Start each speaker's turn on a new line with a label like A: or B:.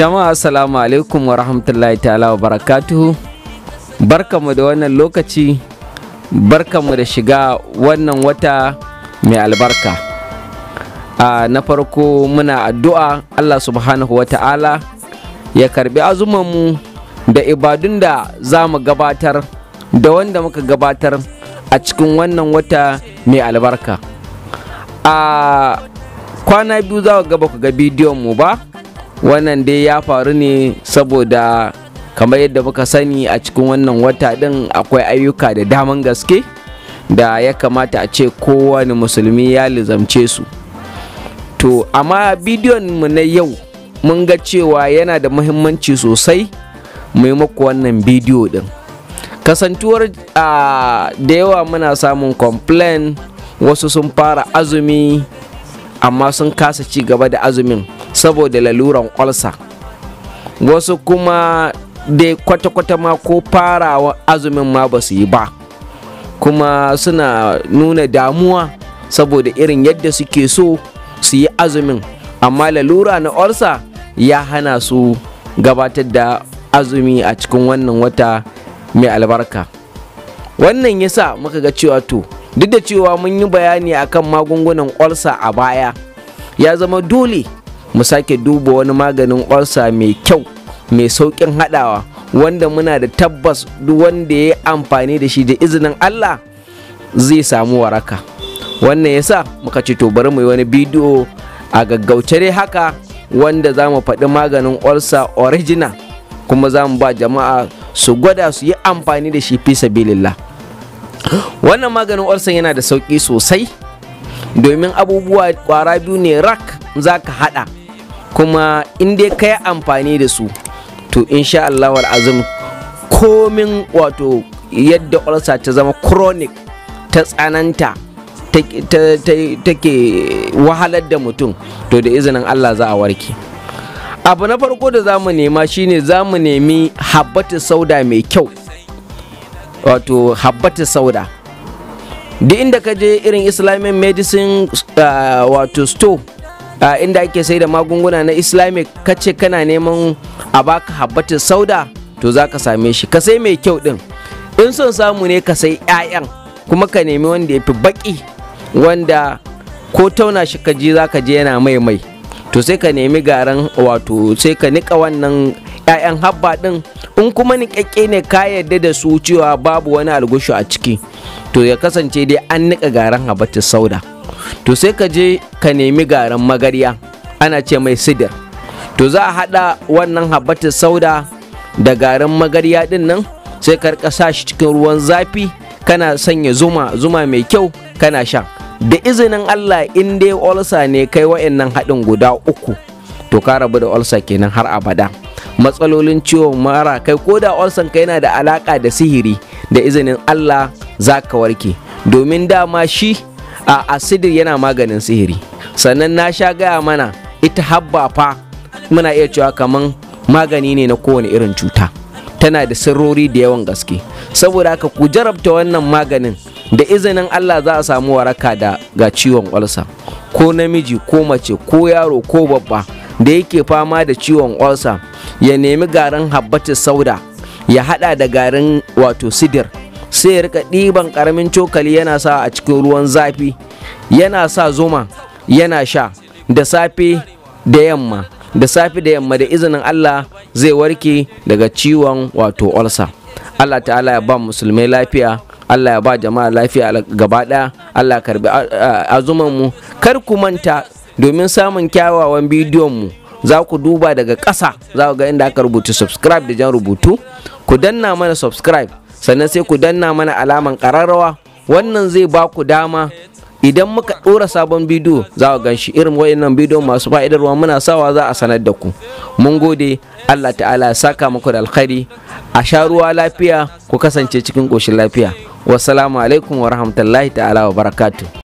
A: jama'a assalamu alaikum wa rahmatullahi ta'ala wa barakatuhu barkamu da wannan lokaci barkamu da shiga wannan wata mai albarka na farko muna addu'a allah subhanahu wa ta'ala ya karbi azumanmu da ibadun da za mu gabatar da wanda muka gabatar a cikin wannan wata mai albarka a kwana biyu za ku gaba ku ga bidiyon mu ba wannan dai ya faru ne saboda kamar yadda muka sani a cikin wannan wata din akwai ayyuka da daman gaske da ya kamata a ce kowane musulmi ya lizamce su to amma bidiyon mu na yau mun ga cewa yana da muhimmanci sosai maimako wannan bidiyo din kasantuwar da yawa muna samun complain wasu sun fara azumi amma sun kasa ci gaba da azumin saboda laluran olsa wasu kuma dai kwata-kwata ma ko farawa azumin ma ba su yi ba kuma suna nuna damuwa saboda irin yadda suke so su yi azumin amma lalura na olsa ya hana su gabatar da azumi a cikin wannan wata mai albarka wannan yasa muka ga cewa to duk da cewa mun yi bayani akan magungunan olsa a baya ya zama dole mu sake duba wani maganin olsa mai kyau mai sauƙin haɗawa wanda muna da tabbas duk wanda ya yi amfani da shi da izinin Allah zai samu waraka wannan yasa muka ci to bari mu yi wani bidiyo a gaggauce dai haka wanda za mu faɗi maganin olsa orijina kuma za mu ba jama'a su gwada su yi amfani da shi fi sabilillah wannan maganin olsan yana da sauƙi sosai domin abubuwa ƙwara biyu ne rak za ka haɗa kuma in dai ka yi amfani da su to insha Allah azum komin wato yadda ulcer ta zama chronic ta tsananta take wahalar da mutum to da izinin Allah za a warke abu na farko da za mu nema shine za mu nemi habbata sauda mai kyau wato habbata sauda duk inda ka je irin islamic medicine ah, wato store inda ake sai da magunguna na islamic kace kana neman a baka habbatin sauda to za ka same shi ka sai mai kyau din in son samu ne ka sai 'ya'yan kuma ka nemi wanda ya fi baki wanda ko tauna shi ka ji za ka je yana mai mai to sai ka nemi garan wato sai ka nika wannan 'ya'yan habba din in kuma niƙaƙƙe ne ka yarda da su cewa babu wani algushu a ciki to ya kasance dai an nika garan habbatin sauda to sai ka je ka nemi garin magarya ana ce mai sidir to za a haɗa wannan habbatar sauda da garin magarya ɗin nan sai ka rika sa shi cikin ruwan zafi kana sanya zuma zuma mai kyau kana sha da izinin Allah in dai olsa ne kai wa'annan haɗin guda uku to ka rabu da olsa kenan har abada matsalolin ciwon mara kai ko da olsan ka yana da alaka da sihiri da izinin Allah za ka warke domin dama shi a asidir yana maganin sihiri sannan na sha gaya mana ita habba fa muna iya cewa kaman magani ne na kowane irin cuta tana da sirrori da yawan gaske saboda haka ku jarabta wannan maganin da izinin Allah za a samu waraka da ga ciwon olsa ko namiji ko mace ko yaro ko babba da yake fama da ciwon olsa ya nemi garin habbatin sauda ya hada da garin wato sidir sai ya rika ɗiban ƙaramin cokali yana sa a cikin ruwan zafi yana sa zuma yana sha da safe da yamma da safe da yamma da izinin Allah zai warke daga ciwon wato olsa Allah ta'ala ya ba musulmai lafiya Allah ya ba jama'a lafiya gaba ɗaya Allah ya karbi azuman mu kar ku manta domin samun kyawawan bidiyon mu za ku duba daga ƙasa za ku ga inda aka rubuta subscribe da jan rubutu ku danna mana subscribe sannan sai ku danna mana alaman ƙararrawa wannan zai ba ku dama idan muka ɗora sabon bidiyo za ku gan shi irin wayannan bidiyo masu fa'idarwa muna sawa za a sanar da ku mun gode allah ta'ala ya saka muku da alkhairi a sha ruwa lafiya ku kasance cikin ƙoshin lafiya wasu alaikum wa rahmatullahi ta'ala wa barakatu